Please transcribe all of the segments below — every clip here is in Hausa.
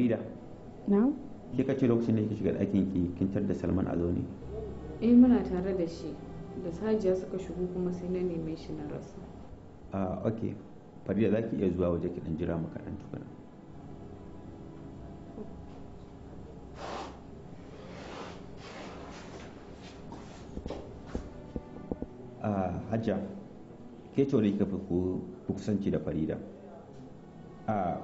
farida na'am ka ce lokacin da ke shiga ɗakin ki kin da salman a zaune eh muna tare da shi da sajiya suka shigo kuma sai na neme shi na rasa a ah, ok, farida za ki iya zuwa waje ki dan jira maka dan tukuna a ah, hajja ke ce wani kika fi kusanci da farida a ah,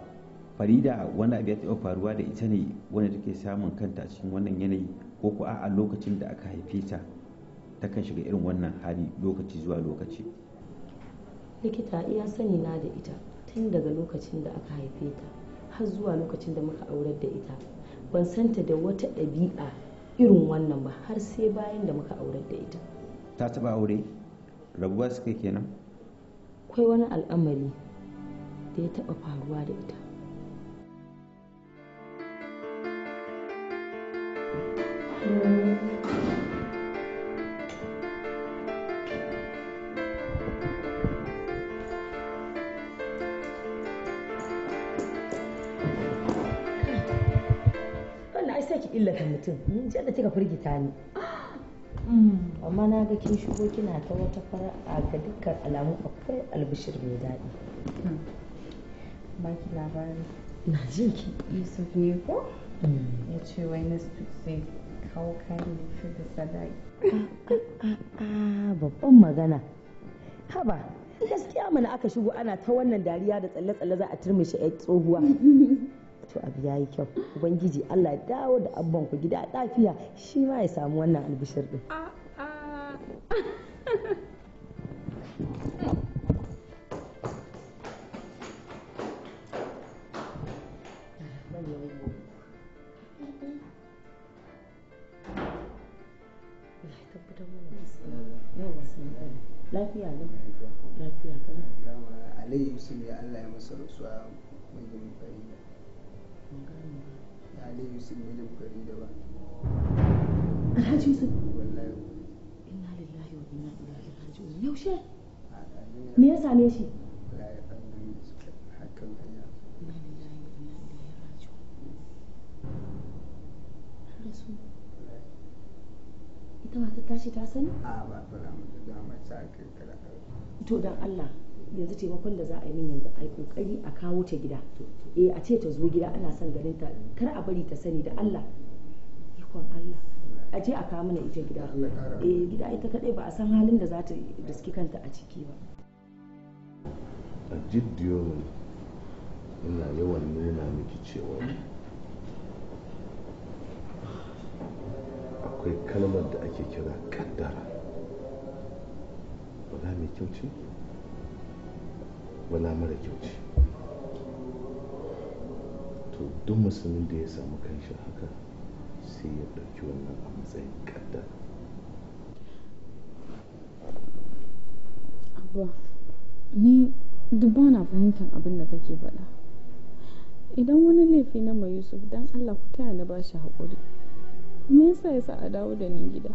farida wanda abu ya taɓa faruwa da ita ne wanda take samun kanta a cikin wannan yanayi ko ko a lokacin da aka haife ta ta kan shiga irin wannan hali lokaci zuwa lokaci likita iya sani na da ita tun daga lokacin da aka haife ta har zuwa lokacin da muka aurar da ita ban santa da wata ɗabi'a irin wannan ba har sai bayan da muka aurar da ita ta taɓa aure rabuwa suka kenan akwai wani al'amari da ya taɓa faruwa da ita mutum da kika firgita ni amma na ga kin shigo kina ta wata fara'a ga dukkan alamu akwai albishir mai daɗi hmm. baki labari na jin ki yusuf ne ko hmm. ya ce wai na zai kawo fi da sadaki babban magana haba gaskiya mana aka shigo ana ta wannan dariya da tsalle-tsalle za a turmushe 'yar tsohuwa to abu ya yi kyau ubangiji Allah ya dawo da abban ku gida lafiya shi ma ya samu wannan albishir din lafiya ne lafiya kana alai yusuf ya Allah ya masa rasuwa yusuf ne da bukari da ba alhaji yusuf wallahi inna lillahi wa inna ilaihi raji'un yaushe me ya same shi ita ma ta tashi ta sani? a ba ta da ta kai kala to dan Allah yanzu taimakon da za a yi min yanzu a yi kokari a kawo ta gida eh a ce ta zo gida ana son ganin ta kar a bari ta sani da Allah ikon Allah a je a kawo mana ita gida eh gida ita kadai ba a san halin da za ta suke kanta a ciki ba a jiddiyo ina yawan nuna miki cewa akwai kalmar da ake kira kaddara ba za mai kyau ce wala mara kyau ce to duk musulmin da ya samu kanshi haka sai ya ɗauki wannan a matsayin ƙadda abuwa ni duk ba na fahimtar abin da kake faɗa idan wani laifi na mai yusuf don allah ku taya na ba shi haƙuri me yasa yasa a dawo da ni gida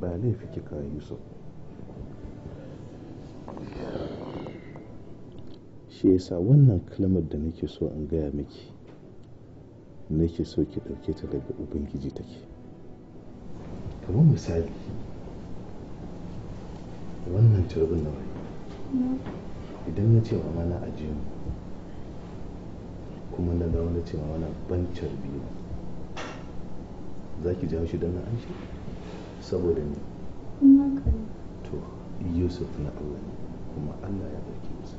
ba laifi kika yusuf shi yasa wannan kalmar da nake so in gaya miki nake so ki ɗauke ta daga ubangiji take kamar misali wannan turbin na wani idan na ce mama na ajiyar kuma na dawo na ce mama na ban biyu za ki jawo shi don na an shi saboda ne to yusuf na allah kuma allah ya ɗauki yusuf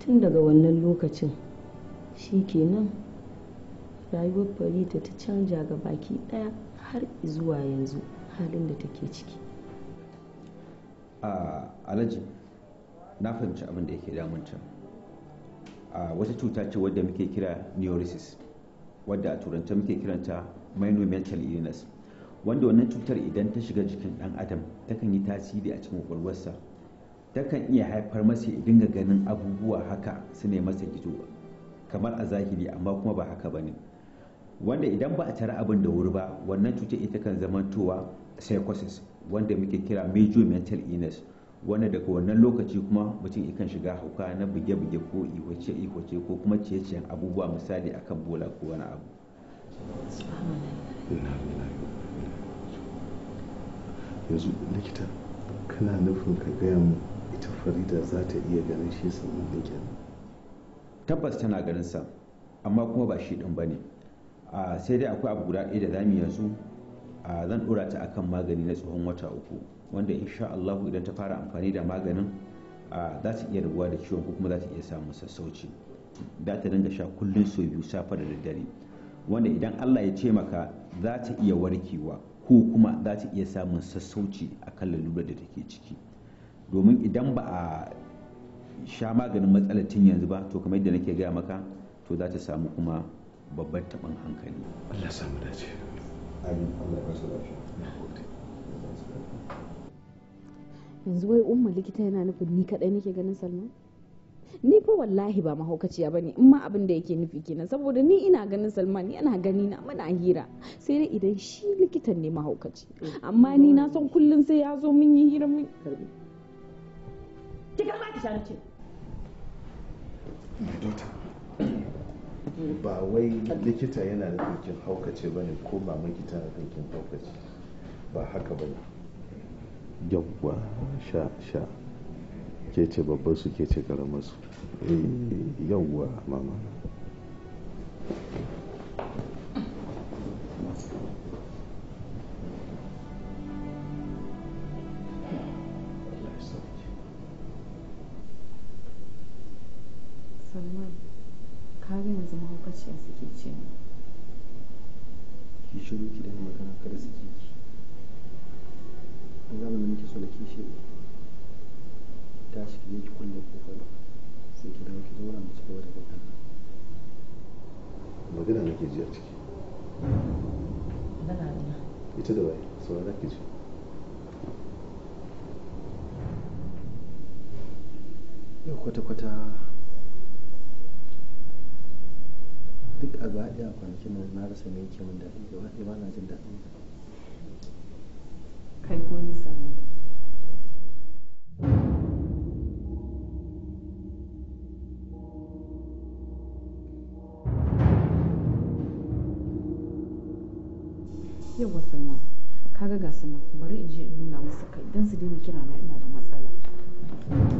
tun daga wannan lokacin shi kenan rayuwar farida ta canja ga baki daya har zuwa yanzu halin da take ciki a alaji na fahimci abin da yake can a wata cuta ce wadda muke kira neurosis wadda a turanta muke kiranta mental illness wanda wannan cutar idan ta shiga jikin dan adam takan yi tasiri a cikin kwakwalwarsa takan iya haifar masa ya dinga ganin abubuwa haka su ne masa gizo kamar a zahiri amma kuma ba haka bane wanda idan ba a tara abin da wuri ba wannan cutar ita kan zamantowa psychosis wanda muke kira major mental illness wanda daga wannan lokaci kuma mutum ikan shiga hauka na buge-buge ko ihwace ihwace ko kuma ciye-ciyen abubuwa misali akan bola ko wani abu yanzu likita kana nufin ka gaya mu ita farida za ta iya ganin shi sannan kenan tabbas tana sa amma kuma ba shi din bane ne sai dai akwai abu guda ɗaya da zamu yanzu zan dora ta akan magani na tsohon wata uku wanda insha Allahu idan ta fara amfani da maganin za ta iya rabuwa da ciwon ko kuma za ta iya samun sassauci za ta dinga sha kullum sau biyu safe da daddare wanda idan Allah ya ce maka za ta iya warkewa ko kuma za ta iya samun sassauci a kan lalurar da take ciki domin idan ba a sha maganin matsalar tun yanzu ba to kamar yadda nake gaya maka to za ta samu kuma babban taɓin hankali Allah samu dace yanzu wai umma likita yana nufin ni kaɗai nake ganin salman ni fa wallahi ba mahaukaciya ba ne in ma abin da yake nufi kenan saboda ni ina ganin salman yana gani na mana hira sai dai idan shi likitan ne mahaukaci amma ni na san kullum sai ya zo min yi hira min karbi ki ga ma ki my daughter ba wai likita yana da kin haukace ba ne ko mamaki tana nufin kin haukace ba haka ba yawwa sha sha ke ce babbar su ke ce karamar su eh, yawwa mama lokacin suke cin ki shiru ki da magana kada su ki ki an gama da muke so na ki shi ta shi je ki kulle kofar sai ki dawo ki zauna mu ci gaba da magana magana nake ji a ciki ita da waye saurara ki ji yau kwata-kwata duk a gaba ɗaya kwanakin nan na rasa mai yake min daɗi gaba ɗaya ba na jin daɗin kai ko ni Yau wasu salman kaga ga nan, bari in je in nuna musu kai don su daina kira na ina da matsala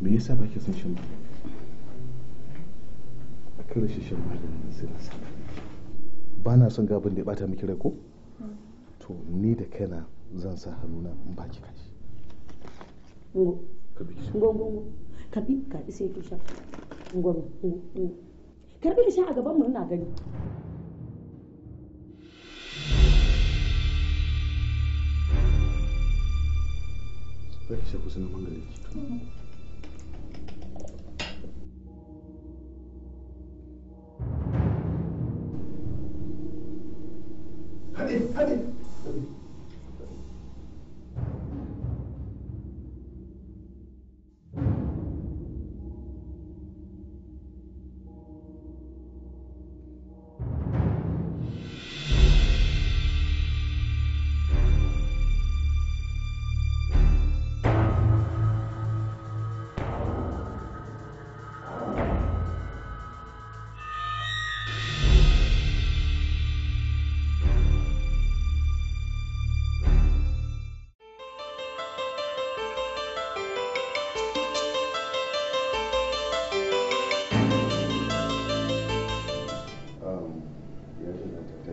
me yasa ba ke son shan magani a kan rashin shan maganin sai na sa ba na son gabin da ya bata miki rai ko to ni da kaina zan sa hannuna in baki kashi ngongo karbi sai ki sha karbi ki sha a gaban mu ina gani hakikisha kusema mwanga mm Hadi, hadi.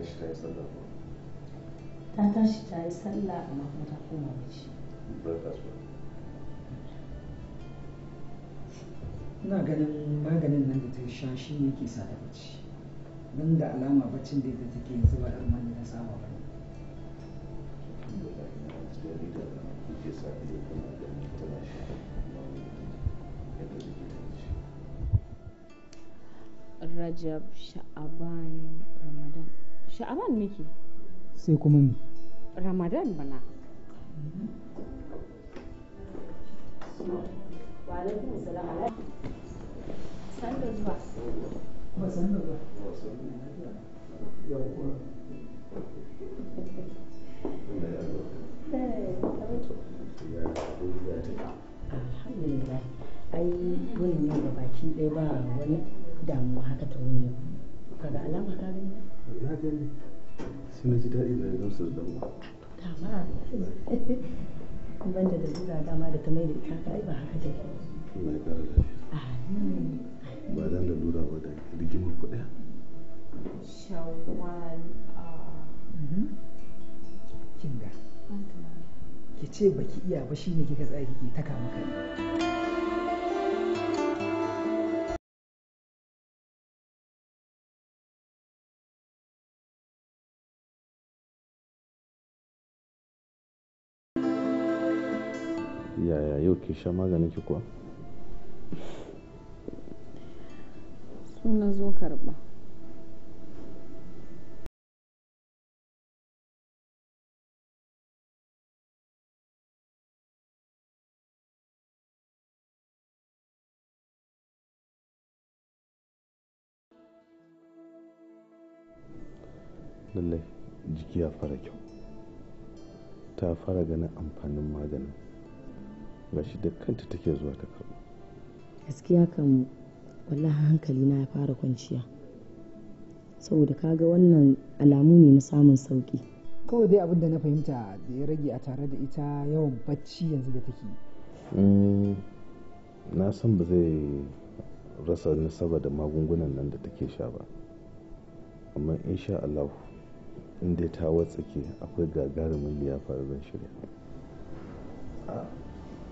tashi ta yi sallah ba. ta tashi ta yi sallah amma kuma ta koma bacci breakfast ba ina ganin maganin nan da ta sha shi ne ke sa ta bacci nan da alama baccin da ita take yanzu ba ɗan mani na saba ba Rajab Sha'aban sha'aban nake sai kuma me ramadan bana alhamdulillah ai wurin yau da baki ɗaya ba wani damuwa haka ta wuni kaga alama ka gani na ji daɗi dama da dama da ta ita ka ba haka take kara lafiya ba dan ba da rigimar ku ɗaya shawwal mhm. kinga ki ce baki iya ba shine kika tsaya kike ta kama kai yau ki sha magani ki kuwa suna zo karba lallai jiki ya fara kyau ta fara ganin amfanin maganin ba shi da kanta take zuwa ta karɓo gaskiya kan wallahi hankali na ya fara kwanciya saboda kaga wannan alamu ne na samun sauki kawai dai abin na fahimta da ya rage a tare da ita yawan bacci yanzu da take mm, na san ba zai rasa nasaba da magungunan nan da take sha ba amma insha Allah in dai ta watsake akwai gagarumin liyafa zan shirya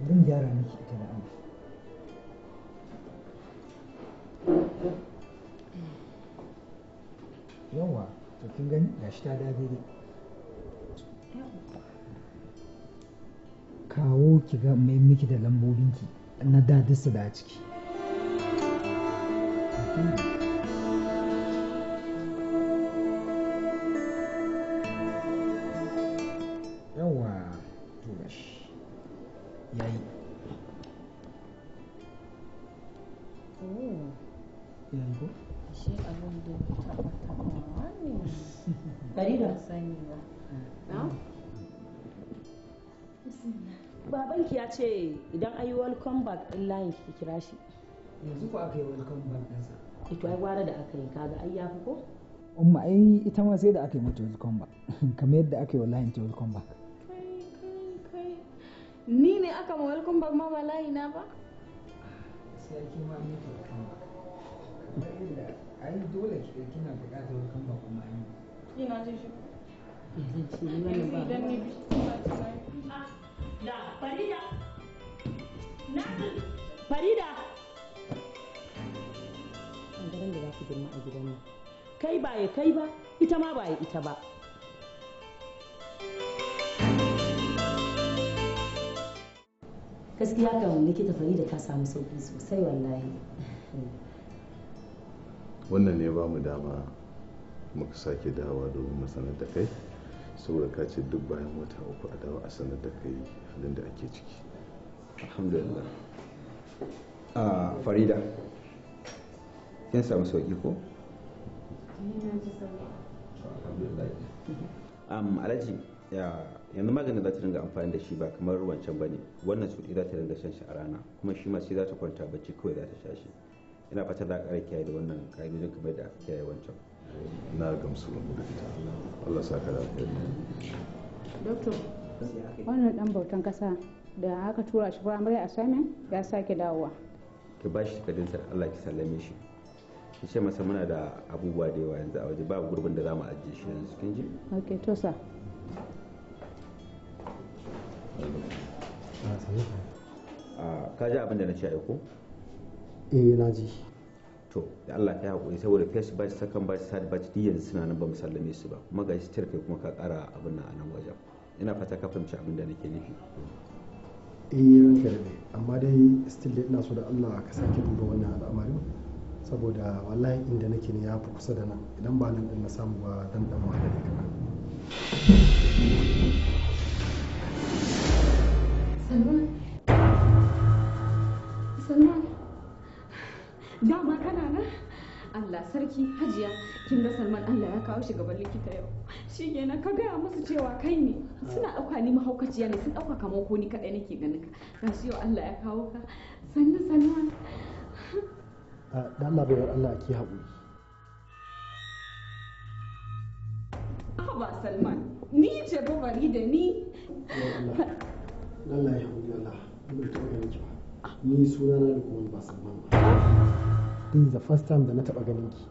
bari gyara miki ita da amma yawa to kin gani ya ta da daidai kawo ki ga mai miki da lambobinki na dadinsu da a ciki Thank you. din ki kira shi yanzu ko aka yi wani back din sa eh, ai gwara da aka yi kaga ai yafi ko umma ai ita ma sai da aka yi mata wani back kamar yadda aka yi wa layin ta wani ni ne aka ma welcome back ma ba na ba sai ki ma ni ki welcome back ai dole na buƙatar welcome back kuma ai ina jin shi yanzu eh, Farida. An garin da za ku girma a gidan nan. Kai ba ya kai ba, ita ma ba ya ita ba. Gaskiya kan likita Farida ta samu sauki sosai wallahi. Wannan ne ba mu dama muka sake dawa domin mu sanar da kai saboda ka ce duk bayan wata uku a dawa a sanar da kai halin da ake ciki. alhamdulillah a ah, farida kin samu sauki ko? yanzu maganin za ta dinga amfani da shi ba kamar wancan ba ne wannan su za ta dinga shan shi a rana kuma shi ma sai za ta kwanta bacci kawai za ta sha shi ina fatan za ka ƙara kiyaye da wannan ƙa'idojin kamar da aka kiyaye wancan na gamsu Allah sa ka lafiya wannan dan bautan kasa da aka tura shi primary assignment ya sake dawowa ki ba shi takardun takardunsa Allah ki sallame shi ki ce masa muna da abubuwa da yawa yanzu a waje ba gurbin da zamu mu ajiye shi yanzu kin ji okay to sir a ka ji abin da na ce ai ko eh na ji to da Allah ka hakuri saboda first batch second batch third batch duk yanzu suna nan ba mu sallame su ba kuma ga shi kai kuma ka kara abin nan a nan wajen ina fata ka fahimci abin da nake nufi eh ranka da amma dai still ina so da Allah ka sake duba wannan al'amarin saboda wallahi inda nake ne ya fi kusa da nan idan ba nan din na samu ba dan dan wahala ne kana Salman Salman dama kana sarki hajiya kin da salman allah ya kawo shi gaban likita yau shi kenan ka gaya musu cewa kai ne suna ɗauka ni mahaukaciya ne sun ɗauka kamar ko ni kaɗai nake ganin ka shi yau allah ya kawo ka sannu salman ah, da allah bai allah ki haƙuri ba salman ni ce ba bari da ni Allah ya haƙuri Allah bai taɓa ganin ba ni suna na da kuma ba salman ba this is the first time da na taba ganin ki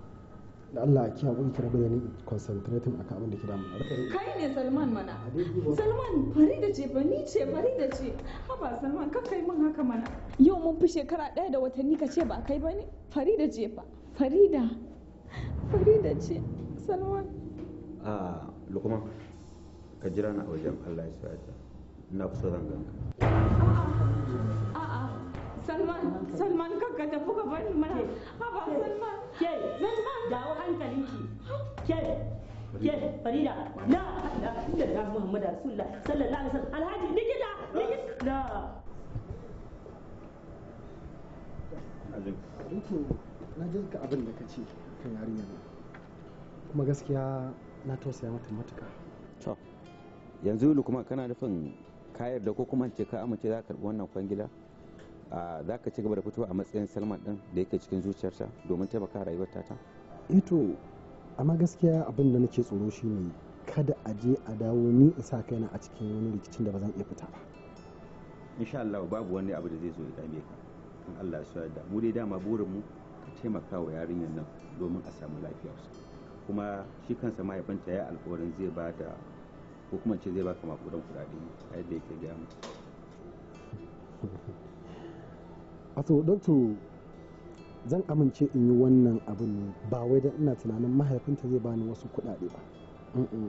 da Allah ki haƙuri ki rabu da ni concentrating akan abin da ke damu kai ne Salman mana Salman Farida ce ba ni ce Farida ce haba Salman ka kai min haka mana yau mun fi shekara ɗaya da watanni ka ce ba kai ba ne Farida ce fa Farida Farida ce Salman a Lukman ka jira na wajen Allah ya sa na kusa zan ganka salman salman kan kakka tafi ka bari mana haba salman ke salman dawo hankalinki ke ke farida la la da ta muhammadu rasulullah sallallahu alaihi wasallam alhaji likita likita la na jirka abin da ka ce kan yarinyar nan kuma gaskiya na tausaya mata matuka to yanzu kuma kana nufin kayar da ko kuma ce ka amince za ka karɓi wannan kwangila za ka ci gaba da fitowa a matsayin salman din da yake cikin zuciyarsa domin taimaka rayuwar tata ito eh amma gaskiya abin da nake tsoro shine kada a je a dawo ni in sa kaina a cikin wani rikicin da ba zan iya fita ba insha Allah babu wani abu da zai zo ya dame ka in Allah ya yarda mu dai dama burin mu ka taimaka wa yarinyar nan domin a samu lafiyarsa kuma shi kansa mahaifinta ya alkawarin zai ba da ko kuma ce zai baka makudan kudade a yadda yake gaya mu ato doctor zan amince in yi wannan abin ne ba wai da ina tunanin mahaifinta zai bani wasu kuɗaɗe ba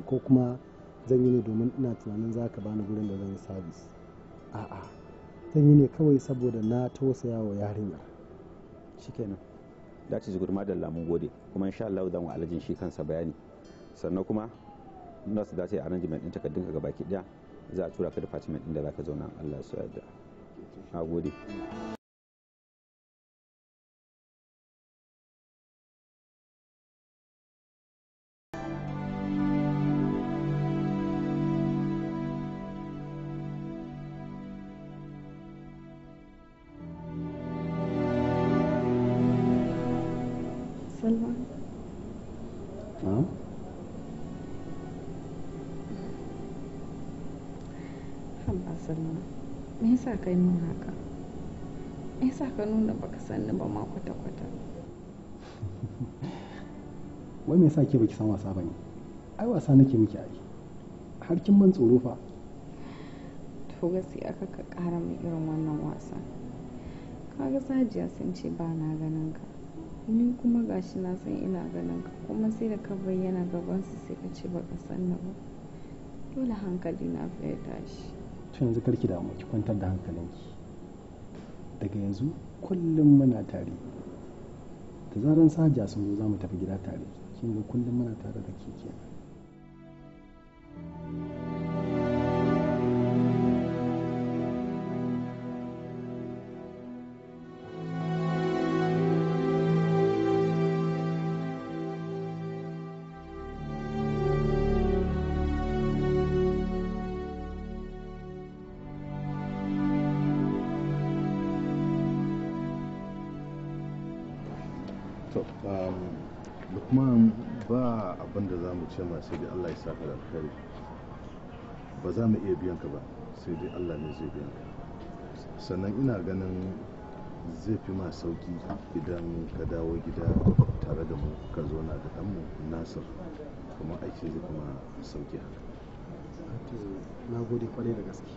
ko kuma zan yi ne domin ina tunanin za ka bani gurin da zan yi sabis a'a zan yi ne kawai saboda na tausaya wa yarinya shikenan da ci zugur da lamun gode kuma insha Allah zan wa alajin shi kansa bayani sannan kuma nurse da ta yi arrangement din takardun ka baki daya za a tura ka department din da zaka zauna Allah ya so yarda na gode kai min haka ya sa ka nuna baka sanni ba ma kwata-kwata wai me yasa ke baki san wasa bane ai wasa nake miki ai har kin ban tsoro fa to gaskiya aka ka kara min irin wannan wasa kaga sajiya sun ce ba na ganin ka ni kuma gashi na san ina ganin ka kuma sai da ka bayyana gabansu sai ka ce baka sanni ba dole hankali na ya tashi to yanzu karki damu ki kwantar da hankalinki daga yanzu kullum muna tare da zaran saja sun zo za mu tafi gida tare shi ga kullum muna tare da ke kenan to lukman um, ba abin da za mu ce ma sai dai allah ya saka da alkhari ba za mu iya biyan ka ba sai dai allah ne zai biyan ka sannan ina ganin zai fi ma sauki idan ka dawo gida tare da mu ka zo na da ɗanmu nasir kuma aiki zai kuma sauki haka na gode kwarai da gaske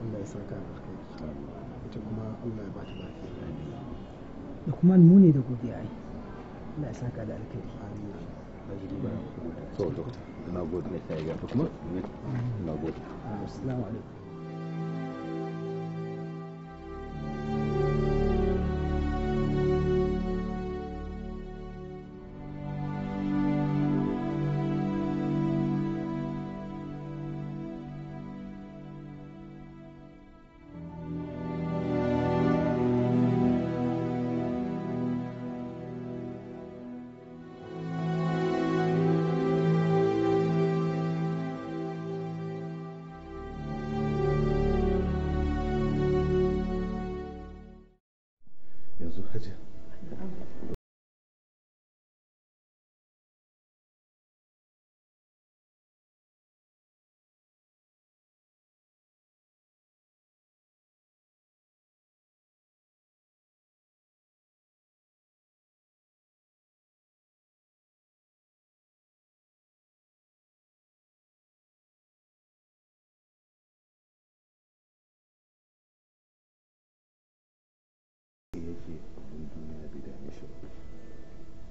allah ya saka alkhari ita kuma allah ya ba ta lafiya da kuma nuni ne da godiya ai Allah ya saka da alkhairi gode ne sai ga kuma gode assalamu alaikum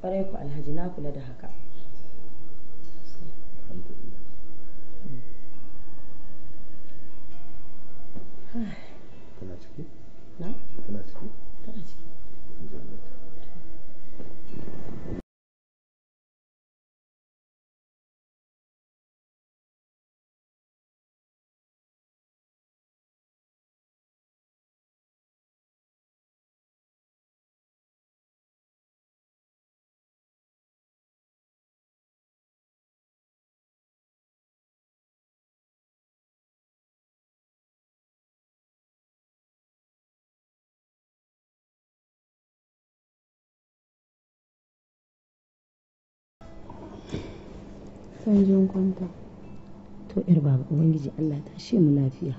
kwarai ku alhaji na kula da haka zan je kwanta to yar baba ubangiji Allah ta shi mu lafiya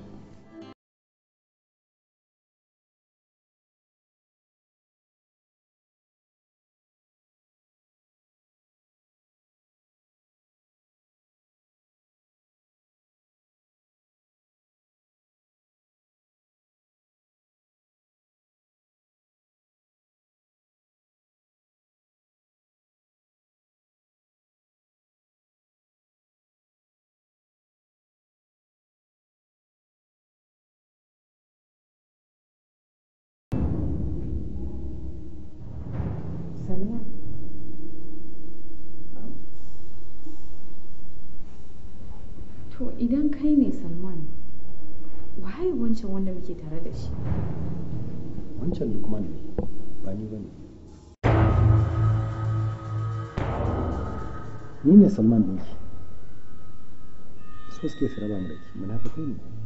idan kai ne salman waye wancan wanda muke tare da shi wancan lukman ne ba ni ba ne ni ne salman ɗinki so suke su raba mu da ki munafikai ne